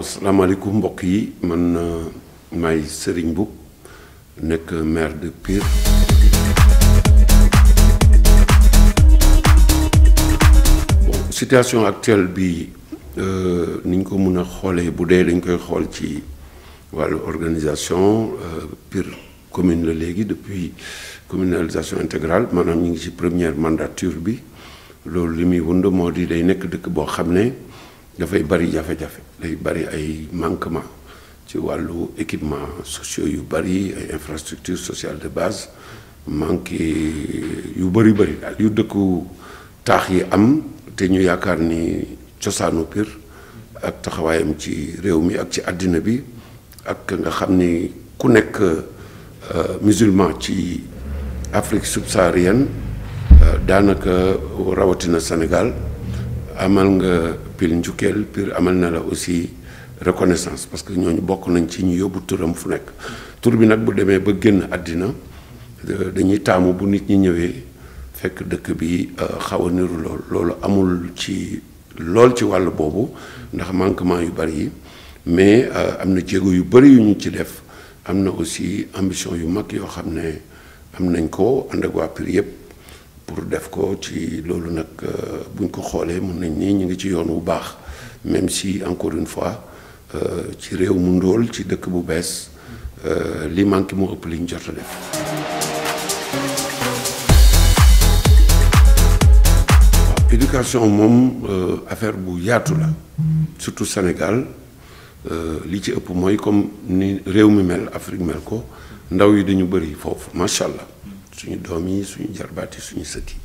asalaamaaleykum mbokk yi mën na euh, may Serigne Mboup nekk maire de Pire. bon situation actuelle bi euh, ni ñu ko mën a xoolee bu dee dañ koy xool ci wàllu organisation euh, piir commune la léegi depuis communalisation intégrale maanaam ñu ngi ci première mandature bi loolu li muy wund moo di day nekk dëkk boo xam ne. dafay bari jafe-jafe day bari ay manquement ci wàllu équipement sociaux yu bari ay infrastructures sociales de base manqué yu bëri bari daal yu dëkku taax yi am te ñu yaakaar ni cosaanu Pire ak taxawaayam ci réew mi ak ci àddina bi ak nga xam ni ku nekk euh, musulman ci Afrique subsaharienne euh, daanaka rawatina Sénégal amal nga pil njukkeel pir amal na la aussi reconnaissance parce que ñooñu bokk nañ ci ñu yóbbu turam fu nekk tur bi nag bu demee ba génn àddina dañuy taamu bu nit ñi ñëwee fekk dëkk bi euh, xaw a niru lool loolu amul ci lool ci wàll boobu ndax manquement yu bari yi mais euh, am na jéego yu bari yu ñu ci def am na aussi ambition yu mag yoo xam ne am nañ ko ànd ak waa yëpp pour def ko ci loolu nag euh, buñ ko xoolee mën nañ ni ñu ngi ci yoon wu baax même si encore une fois euh, ci réew mu ndool ci dëkk bu bees euh, li manqué moo ëpp li ñu jot a def. éducation moom euh, affaire bu yaatu la surtout Sénégal li ci ëpp mooy comme ni réew mi mel Afrique mel ko ndaw yi dañu bëri foofu macha allah suñu doom yi suñu jarbaat yi suñu sët yi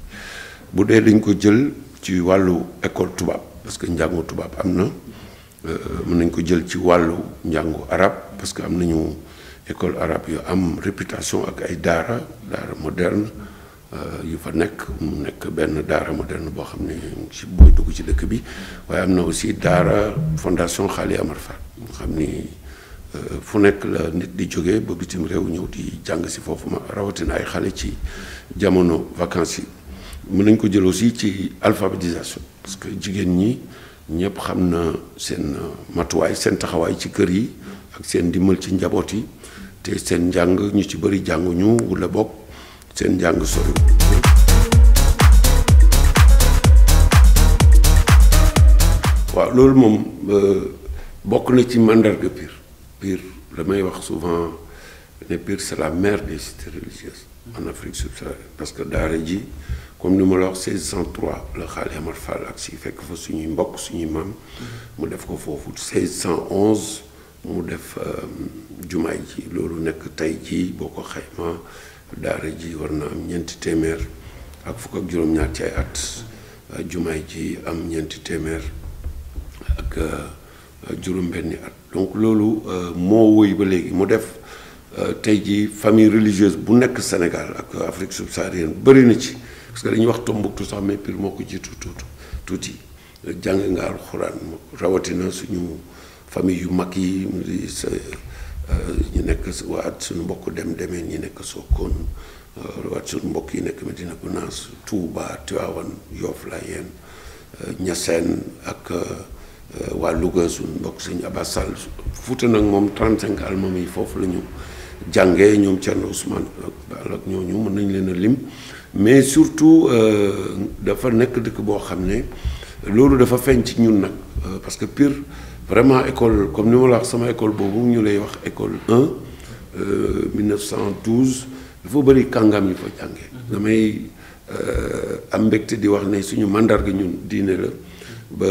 bu dee dañ ko jël ci wàllu école tubaab parce que njàngu tubaab am na euh, mun nañ ko jël ci wàllu njàngu arab parce que am nañu école arab yu am réputation ak ay daara daara moderne euh, yu fa nekk mu nekk benn daara moderne boo xam ne ci booy ci dëkk bi waaye am na aussi daara fondation Xaali Amar Fall xam ni fu nekk la nit di jóge ba bitim réew ñëw di jàng si foofu ma rawatina ay xale ci jamono vacances yi mën nañ ko jël aussi ci alphabétisation parce que jigéen ñi ñëpp xam na seen matuwaay seen taxawaay ci kër yi ak seen dimbal ci njaboot yi te seen njàng ñu ci bëri jànguñu wala bokk seen njàng soriwul waaw loolu moom euh, bokk na ci màndarga Pire pire damay wax souvent ne pire c'est la mère des cités religieuses en Afrique subsaharienne parce que daara ji comme ni ma la wax 1603 la Xaali Amar Fall ak si fekk fa suñuy mbokk suñuy maam mu def ko foofu 1611 mu def euh, jumaay ji loolu nekk tey jii boo ko xayma daara ji war na am ñeenti téeméer ak fukk ak juróom-ñaar ci at jumaay ji am ñeenti téeméer ak euh, juróom-benni at donc loolu euh, moo wëy ba léegi mu def euh, tey jii famille religieuse bu nekk Sénégal ak Afrique subsaharienne bëri na ci parce que dañuy wax Tombouctou sax mais Pire moo jiitu tuuti tuuti jàng nga alxuraan rawatina suñu famille yu mag yi euh, ñu nekk waat suñu mbokk dem demee ñi nekk Sokone waat suñu mbokk yi nekk Medina Gounass Touba Tivaouane Yoff Layène Niassène ak. Euh, waa Louga suñu mbokk suñu Abbas Sall Fuuta nag moom 35 almam yi foofu la ñu jàngee ñoom Thierno Ousmane ñoo ñu mën nañu leen a lim mais surtout euh, dafa nekk dëkk boo xam ne loolu dafa feeñ ci ñun nag euh, parce que piir vraiment école comme ni ma la wax sama école boobu ñu lay wax école 1 1912 dafa bëri kàngam yi fa jàngee. Mm-hmm. damay am mbégte di wax ne suñu màndarga ñun diine la. ba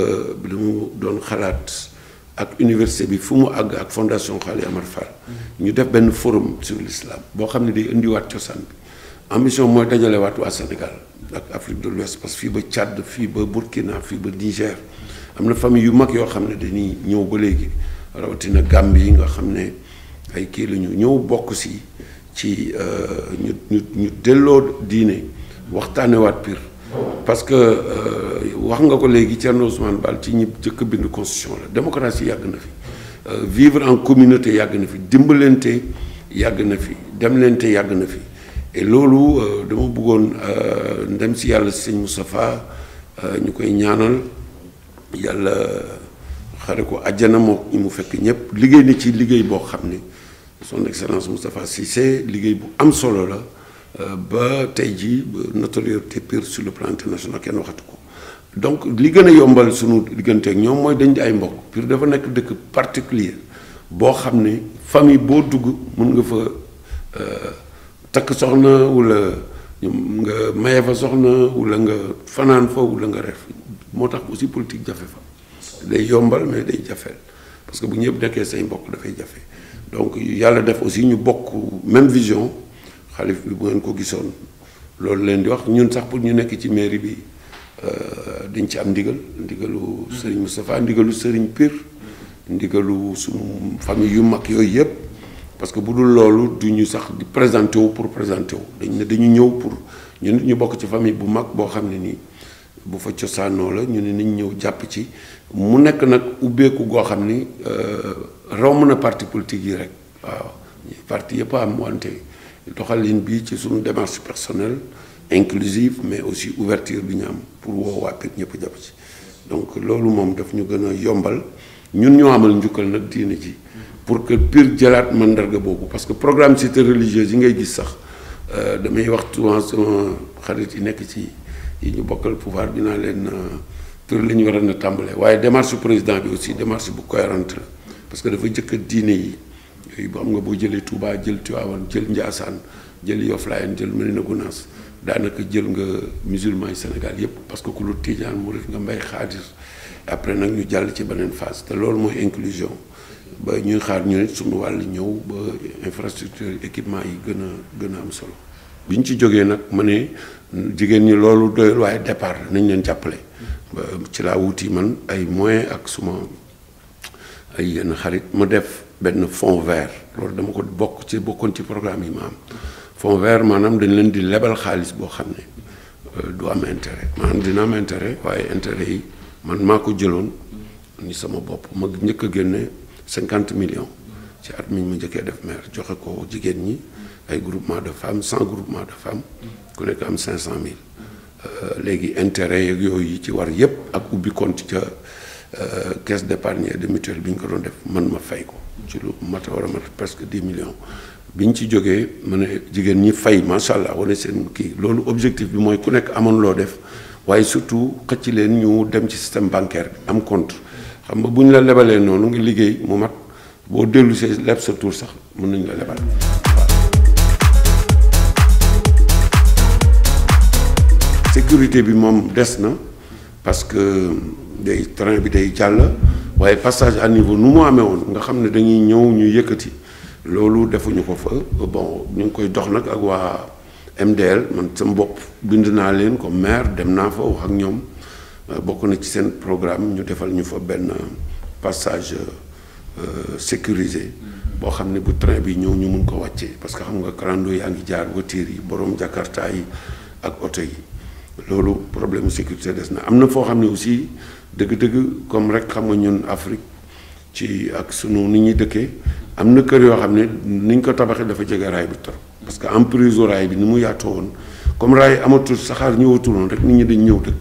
li mu doon xalaat ak université bi fu mu àgg ak fondation Khali Amar Fall mm-hmm. ñu def benn forum sur l'islam boo xam ne day indiwaat cosaan bi ambition mooy dajale waat waa Sénégal ak Afrique de l'Ouest parce que fii ba Tchad fii ba Burkina fii ba Niger am na famille yu mag yoo xam ne dañuy ñëw ba léegi rawatina Gambie nga xam ne ay kii lañu ñëw bokk si ci euh, ñu ñu ñu delloo diine waxtaanewaat piir parce que euh, wax nga ko léegi Thierno Ousmane Bal ci ñi jëkk bind constitution la démocratie yàgg na fi euh, vivre en communauté yàgg na fi dimbalante yàgg na fi demlante yàgg na fi et loolu euh, dama bëggoon ndem si yàlla sëñ Moustapha ñu koy ñaanal yàlla xare ko àjjana moo ñi mu fekk ñëpp liggéey na ci liggéey boo xam ni son excellence Moustapha Cissé liggéey bu am solo la ba tey jii notoriété pure su le plan international kenn waxatu ko donc li gën a yombal sunu diggante ak ñoom mooy dañ di ay mbokk pure dafa nekk dëkk particulier boo xam ne famille boo dugg mën nga fa euh, takk soxna wala nga maye fa soxna wala nga fanaan fa wala nga ref moo tax aussi politique jafe fa day yombal mais day jafeel parce que bu ñëpp nekkee say mbokk dafay jafe donc yàlla def aussi ñu bokk même vision xalif bi bu ngeen ko gisoon loolu leen di wax ñun sax pour ñu nekk ci mairie bi euh, dañ ci am ndigal ndigalu sëriñ Moustapha ndigalu sëriñ Pire ndigalu suñu famille yu mag yooyu yëpp parce que bu dul loolu du ñu sax di présenté wu pour présenté wu dañ ne dañu ñëw pour ñu nit ñu bokk ci famille bu mag boo xam ne nii bu fa cosaanoo la ñu ne nañ ñëw jàpp ci mu nekk nag ubbeeku goo xam ni euh, romb na parti politique yi rek waaw parti yëpp am wante doxalin bi ci suñu démarche personnelle inclusive mais aussi ouverture bi ñu am pour woo waa Pikine ñëpp jàpp ci donc loolu moom daf ñu gën a yombal ñun ñoo amal njukkal nag diine ji pour que Pire jëlaat mandarga boobu parce que programme cité religieuse yi ngay gis sax euh, damay wax souvent sama xarit yi nekk ci yi ñu bokkal pouvoir dinaa leen euh, tur li ñu waroon a tàmbalee waaye démarche président bi aussi démarche bu cohérente la parce que dafa jëkk diine yi léegi bu am nga boo jëlee Touba jël Tivaouane jël Ndiassane jël Yoff Layène jël Médina Gounass daanaka jël nga musulman yi Sénégal yépp parce que ku lu Tijaan murit nga mbay xaadir après nag ñu jàll ci beneen fas te loolu mooy inclusion ba ñuy xaar ñu nit suñu wàll ñëw ba infrastructure équipement yi gën a gën a am solo bi ñu ci jógee nag ma ne jigéen ñi loolu doyul waaye départ nañ leen jàppale ci laa wuti man ay moyen ak suma ay yenn xarit ma def benn fond ver loolu dama ko bokk ci bokkoon ci programme yi ma am fonds vert maanaam dañ leen di lebal xaalis boo xam ne euh, du am intérêt maanaam dina am intérêt waaye intérêt yi man maa ko jëloon ni sama bopp ma njëkk a génne cinquante millions ci at mi ñu ma njëkkee def maire joxe ko jigéen ñi ay groupement de femmes cent groupement de femmes ku nekk am cinq cent mille euh, léegi intérêt yeeg yooyu yi ci war yépp ak ubbi compte ca Euh, caisse d'épargne et de mutuelle bi ñu ko doon def man ma fay ko ci lu mat a war a mat presque dix millions bi ñu ci jógee ma ne jigéen ñi fay macha allah wane seen kii loolu objectif bi mooy ku nekk amoon loo def waaye surtout xëcc leen ñu dem ci système bancaire bi am compte xam nga bu ñu la lebalee noonu ngi liggéey mu mat boo dellu see leb sa tur sax mun nañu la lebal. sécurité bi moom des na. parce que day train bi day jàll waaye passage à niveau nu mu amee woon nga xam ne dañuy ñëw ñu yëkkati loolu defuñu ko fa bon ñu ngi koy dox nag ak waa MDL man sama bopp bind naa leen ko maire dem naa fa wax ak ñoom euh, bokk na ci seen programme ñu defal ñu fa benn passage euh, sécurisé boo xam ne bu train bi ñëw ñu mun ko wàccee parce que xam nga clando yaa ngi jaar voiture yi borom jakarta yi ak oto yi loolu problème sécurité des na am na foo xam ne aussi dëgg-dëgg comme rek xam nga ñun Afrique ci ak sunu nit ñuy dëkkee am na kër yoo xam ne ni ñu ko tabaxee dafa jege raay bi trop parce que emprise raay bi ni mu woon comme raay amatul saxaar ñëwatul woon rek nit ñi dañ ñëw dëkk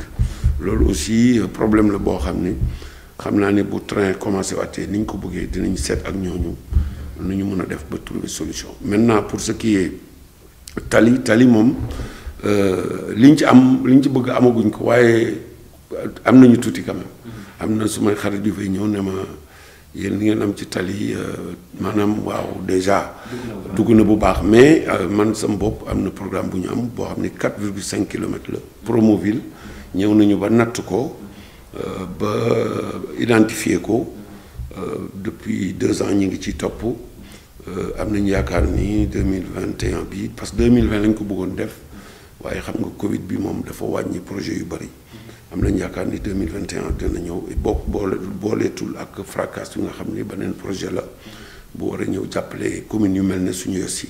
loolu aussi euh, problème la boo xam ne xam naa ne bu train commencé waatee ni ñu ko bëggee dinañ seet ak ñooñu nu ñu mën a def ba trouver solution maintenant pour sa qui est tali tali moom. li euh, liñ ci am li liñ ci bëgg amaguñ ko waaye am nañu tuuti quand mm-hmm. am na sumay xarit yu fay ñëw ne ma yéen li ngeen am ci tali euh, maanaam waaw déjà. dugg na bu baax mais euh, man sam bopp am na programme bu ñu am boo xam ne 4,5 kilomètres la. Promoville ñëw na ñu ba natt ko ba identifier ko depuis deux ans ñu ngi ciy topp am ñu yaakaar ni 2021 bi parce que 2020 lañ ko bëggoon def. waaye xam nga Covid bi moom dafa wàññi projet yu bari am nañu yaakaar ni 2021 dina ñëw bokk boole booleetul ak fracas yu nga xam ni beneen projet la bu war a ñëw jàppale communes yu mel ne suñu yos yi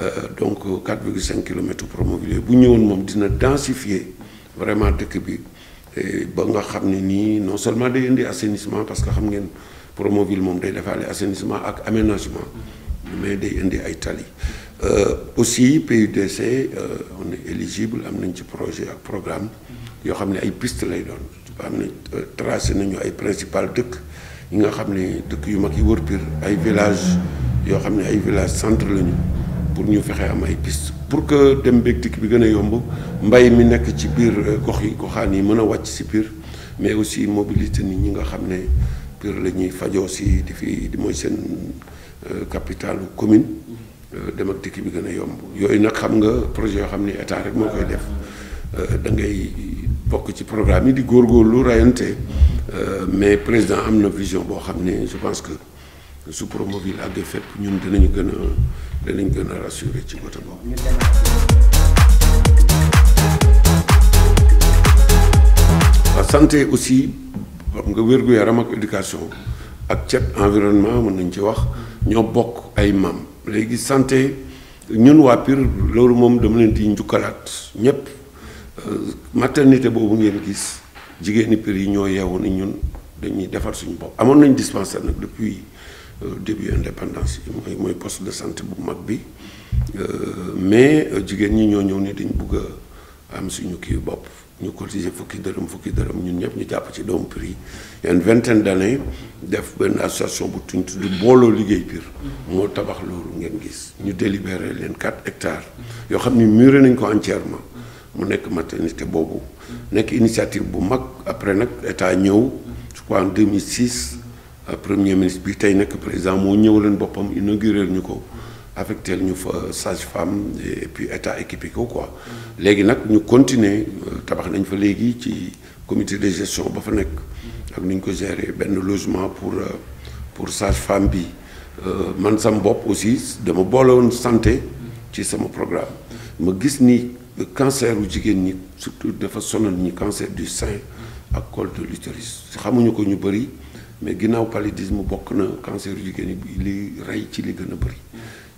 euh, donc 4,5 kilomètres Promoville bu ñëwoon moom dina densifier vraiment dëkk bi ba nga xam ne nii non seulement day indi assainissement parce que xam ngeen Promoville moom day defaale assainissement ak aménagement mais day indi ay tali. Euh, aussi PUDC euh, on est éligible am nañ ci projet ak programme yoo xam ne ay piste lay doon am na euh, tracé nañu ay principal dëkk ñi nga xam ne dëkk yu mag yi wër Pire ay village yoo xam ne ay village centre lañu pour ñu fexe am ay piste pour que dem beeg dikk bi gën a yomb mbay mi nekk ci biir gox yi goxaan yi mën a wàcc si Pire mais aussi mobilité nit ñi nga xam ne Pire la ñuy fajoo si di fi di mooy seen capitale commune Euh, dem ak dikk bi gën a yomb yooyu nag xam nga projet yoo xam ni état rek moo koy def euh, da ngay bokk ci programme yi di góorgóorlu rayante euh, mais président am na vision boo xam ne je pense que su Promoville àggee fépp ñun dinañu gën a gën a rassuré ci côté boobu. waaw santé aussi xam nga wér-gu-yaram ak éducation ak cet environnement mun nañ ci wax ñoo bokk ay maam. léegi santé ñun waa Pire loolu moom dama leen di njukkalaat ñëpp euh, maternité boobu ngeen gis jigéeni Pire yi ñoo yeewu ni ñun dañuy defar suñu bopp amoon nañ dispensaire nag depuis euh, début indépendance yi mooy mooy poste de santé bu mag bi euh, mais jigéen ñi ñoo ñëw ni dañ bëgg a am suñu kii bopp ñu cotiser fukki dërëm fukki dërëm ñun ñëpp ñu jàpp ci doomu prix yi il y a une vingtaine d'années def benn association bu tuñ tudd booloo liggéey Pire moo tabax loolu ngeen gis ñu délibéré leen 4 hectares yoo xam ni muré nañ ko entièrement mu nekk maternité boobu nekk initiative bu mag après nag état ñëw je crois en 2006 premier ministre bi tey nekk président moo ñëw leen boppam inauguré ñu ko affecté ñu fa sage-femme et puis état équipé ko quoi. léegi nag ñu continuer euh, tabax nañ fa léegi ci comité de gestion ba fa nekk. ak nu ñu ko gérer benn logement pour euh, pour sage-femme bi euh, man sam bopp aussi dama boole woon santé. ci sama programme. ma gis ni cancer u jigéen ñi surtout dafa sonal ñi cancer du sein ak col de xamuñu ko ñu bëri mais ginnaaw paludisme bokk na cancer u jigéen ñi li rey ci li gën a bëri.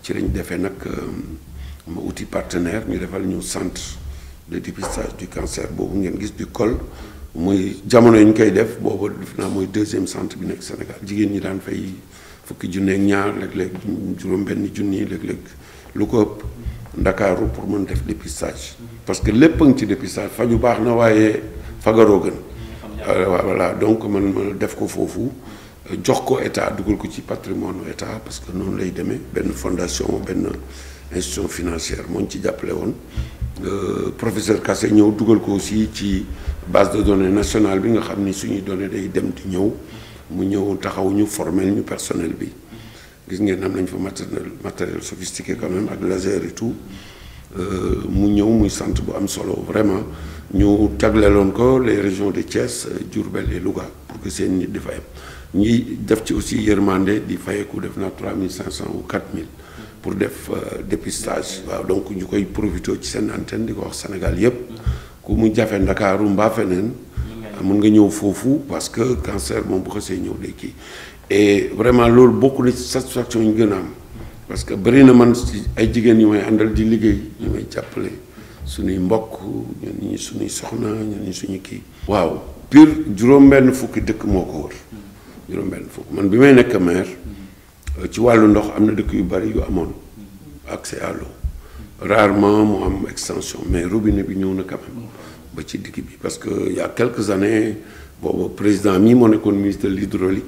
ci lañ defee nag euh, ma outil partenaire ñu defal ñu centre de dépistage du cancer boobu ngeen gis du col muy jamono yi ñu koy def booba naa mooy deuxième centre bi nag Sénégal jigéen ñi daan fay fukki junne ak ñaar léeg-léeg juróom-benn junni léeg-léeg lu ko ëpp ndakaaru pour mën def dépistage parce que lépp a ngi ci dépistage faju baax na waaye fagaroo gën euh, voilà donc man def ko foofu jox ko état dugal ko ci patrimoine u état parce que noonu lay demee benn fondation benn institution financière moo ñu ci jàppale woon euh, professeur Kassé ñëw dugal ko aussi ci base de données nationale bi nga xam ni suñuy données day dem di ñëw mu ñëw taxaw ñu formel ñu personnel bi gis ngeen am nañ fa matériel matériel sophistiqué quand même ak laser et tout euh, mu ñëw muy sant bu am solo vraiment ñu tagleloon ko les région de Thiès Diourbel et Louga pour que seen nit di fa ñuy def ci aussi yërmande di fayeku def na 3500 ou 4000 pour def euh, dépistage waaw donc ñu koy profité ci seen antenne di ko wax Sénégal yëpp ku mu jafe Ndakaaru mbaa feneen mun nga ñëw foofu parce que cancer moom bu xasee ñëw day kii e vraiment loolu bokk na ci satisfaction ñu gën a am parce que bëri na man si ay jigéen yu may àndal di liggéey ñu may jàppale suñuy mbokk ñun suñuy soxna ñun ñi suñu kii waaw pur juróom-benn fukki dëkk moo ko juróom-benn fukk man bi may nekk maire euh, ci wàllu ndox am na dëkk yu bari yu amoon accès à l'eau rarement moo am extension mais robine bi ñëw na quand ba ci digg bi parce que il a quelques années boobu président mii moo nekkoon ministre de l'hydraulique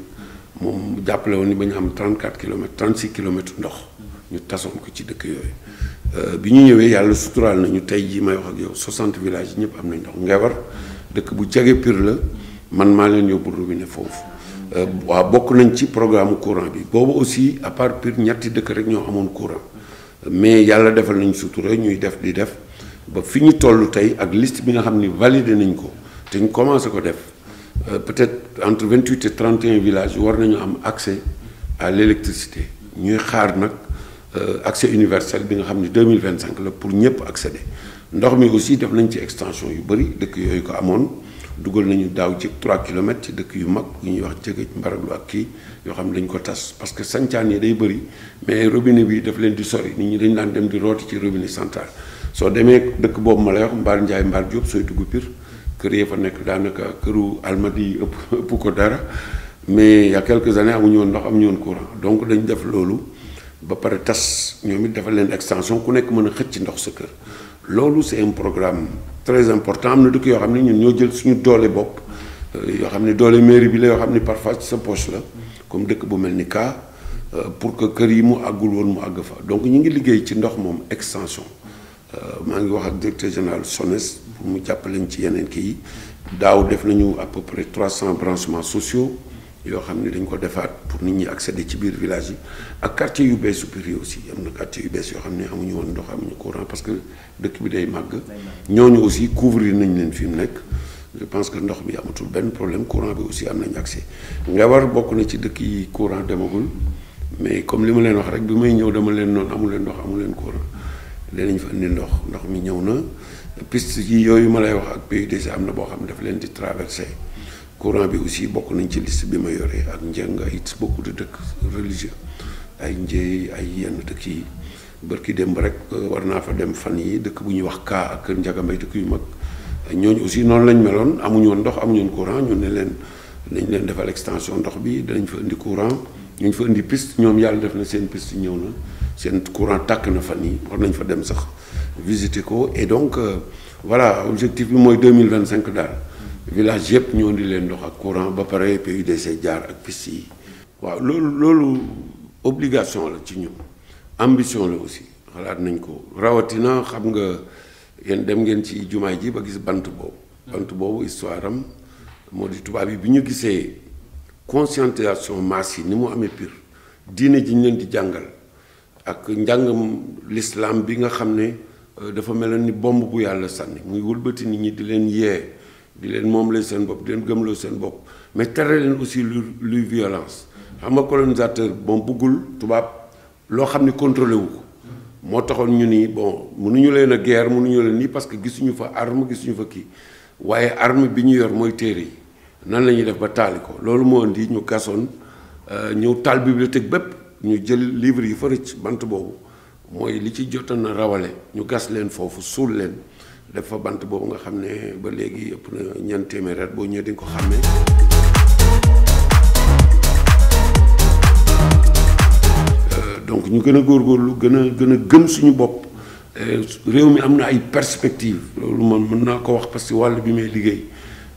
moom jàppale woon ni ba ñu am 34 kilomètres 36 kilomètres ndox ñu tasoon ko ci dëkk yooyu euh, bi ñu ñëwee yàlla suturaal nañu tey jii may wax ak yow 60 villages yi ñëpp am nañ ndox Ngewar dëkk bu jege Pire la man maa leen yóbbu robinet foofu Euh, waa bokk nañ ci programme courant bi boobu aussi à part Pire ñetti dëkk rek ñoo amoon courant mais yàlla defal nañ sutura ñuy def di def ba fi ñu toll tey ak liste bi nga xam ni validé nañ ko te ñu commencé ko def euh, peut-être entre vingt-huit et trente et war nañu am accès à l'électricité ñuy xaar nag. Euh, accès universel bi nga xam ni deux mille vingt cinq la pour ñëpp accéder ndox mi aussi def nañ ci extension yu bëri dëkk yooyu ko amoon dugal nañu daaw ci trois kilomètres ci dëkk yu mag yu ñuy wax jëgëj mbaraglu ak kii yoo xam ne dañ ko tas parce que sancaan yi day bëri mais robinet bi daf leen di sori nit ñi dañ daan dem di rooti ci robine central soo demee dëkk boobu ma lay wax Mbaar Njaay Mbaar Jóob sooy dugg Pire kër yee fa nekk daanaka këru almadi yi ëpp ëpp ko dara mais il y a quelques années amuñu woon ndox amuñu donc dañ def loolu ba pare tas ñoom it dafa leen extension ku nekk mën a xëcc ndox sa kër loolu c'est un programme très important am na dëkk yoo xam ne ñun ñoo jël suñu doole bopp euh, yoo xam ne doolee mairie bi la yoo xam ne parfois ci sa poche la comme dëkk bu mel ni kaa euh, pour que kër yi mu àggul woon mu àgg fa donc ñu ngi liggéey ci ndox moom extension euh, maa ngi wax ak directeur général SONES pour mu jàppaleñ ci yeneen kii yi daaw def nañu à peu près trois cent branchements yoo xam ne dañ ko defaat pour nit ñi accéder ci biir village yi ak quartier yu bees yu aussi am na quartier yu bees yoo xam ne amuñu woon ndox amuñu courant parce que dëkk bi day màgg. ñooñu aussi couvrir nañ leen fi mu nekk. je pense que ndox bi amatul benn problème courant bi aussi am nañ accès nga war bokk na ci dëkk yi courant demagul mais comme li ma leen wax rek may ñëw dama leen noonu amu leen amu leen courant danañ fa indi ndox ndox mi ñëw na piste yi yooyu ma lay wax ak PUDC am na boo xam ne dafa leen di traversé. courant bi aussi bokk nañ ci liste bi ma yoree ak njëng ay beaucoup de dëkk religieux ay njéey ay yenn dëkk yi bërki démb rek euh, war naa fa dem fan yi dëkk bu ñuy wax kaa ak kër njagambay dëkk yu mag ñooñu aussi noonu lañ meloon amuñu woon ndox amuñu woon courant ñu ne leen nañ leen defal extension ndox bi danañ fa indi courant ñu fa indi piste ñoom yàlla def na seen piste ñëw na seen courant tàkk na fan yi war nañ fa dem sax visite ko et donc euh, voilà objectif bi mooy deux mille vingt cinq daal village yëpp ñoo di leen ndox ak courant ba pare PUDC jaar ak piste yi waaw loolu loolu obligation la ci ñu ambition la aussi xalaat nañ ko rawatina xam nga yéen dem ngeen ci jumaay ji ba gis bant boobu bant boobu histoire am moo di tubaab yi bi ñu gisee conscientisation masse yi ni mu amee pire diine ji ñu leen di jàngal ak njàngam l'islam bi nga xam ne euh, dafa mel ni bomb bu yàlla sànni muy wëlbati nit ñi di leen yee di leen moom moomle seen bopp di leen gëmloo seen bopp mais tere leen aussi lu luy violence xam nga colonisateur bon buggul tubaab loo xam ne contrôlé wu ko moo taxoon ñu nii bon mënuñu leen a guerre mënuñu leen nii parce que gisuñu fa arme gisuñu fa kii waaye arme bi ñu yor mooy téere yi nan la ñuy def ba taali ko loolu moo indi ñu gasoon euh, ñëw taal bibliothèque bépp ñu jël livre yi fa rëcc bant boobu mooy li ci jotoon na rawale ñu gas leen foofu suul leen dafa bant boobu nga xam ne ba léegi ëpp na ñeent téeméeri boo ñëwee di nga ko xàmmee. Euh, donc ñu gën a góor góorgóorlu gën a gën a gëm suñu bopp euh, réew mi am na ay perspectives loolu man mën naa ko wax parce que wàll bi may liggéey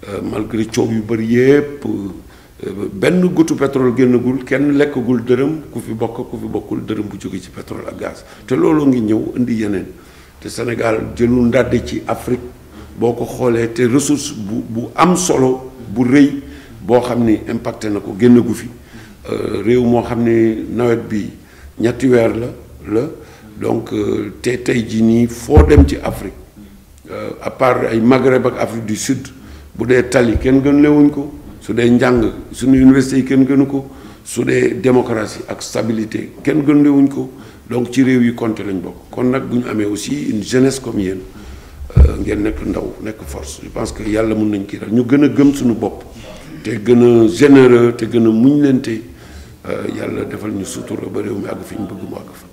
euh, malgré coow yu bëri yépp benn guttu pétrole génnagul kenn lekkagul dërëm ku fi bokk ku fi bokkul dërëm bu jóge ci pétrole ak gaz te looloo ngi ñëw indi yeneen. te Sénégal jëlul ndàdd ci Afrique boo ko xoolee te ressource bu bu am solo bu rëy boo xam ni impacté na ko génn gu fi euh, réew moo xam ni nawet bi ñetti weer la la donc euh, te tey jii nii foo dem ci Afrique euh, à part ay Maghreb ak Afrique du Sud bu dee tali kenn gën lewuñ ko su dee njàng suñu université yi kenn gënu ko su dee démocratie ak stabilité kenn gën lewuñ ko donc ci réew yi compté lañ bokk kon nag bu ñu amee aussi une jeunesse comme yéen euh, ngeen nekk ndaw nekk force je pense que yàlla mun nañ kii daal ñu gën a gëm suñu bopp te gën a généreux te gën a muñ lente euh, yàlla defal ñu sutura ba réew mi àgg fi ñu bëgg mu àgg fa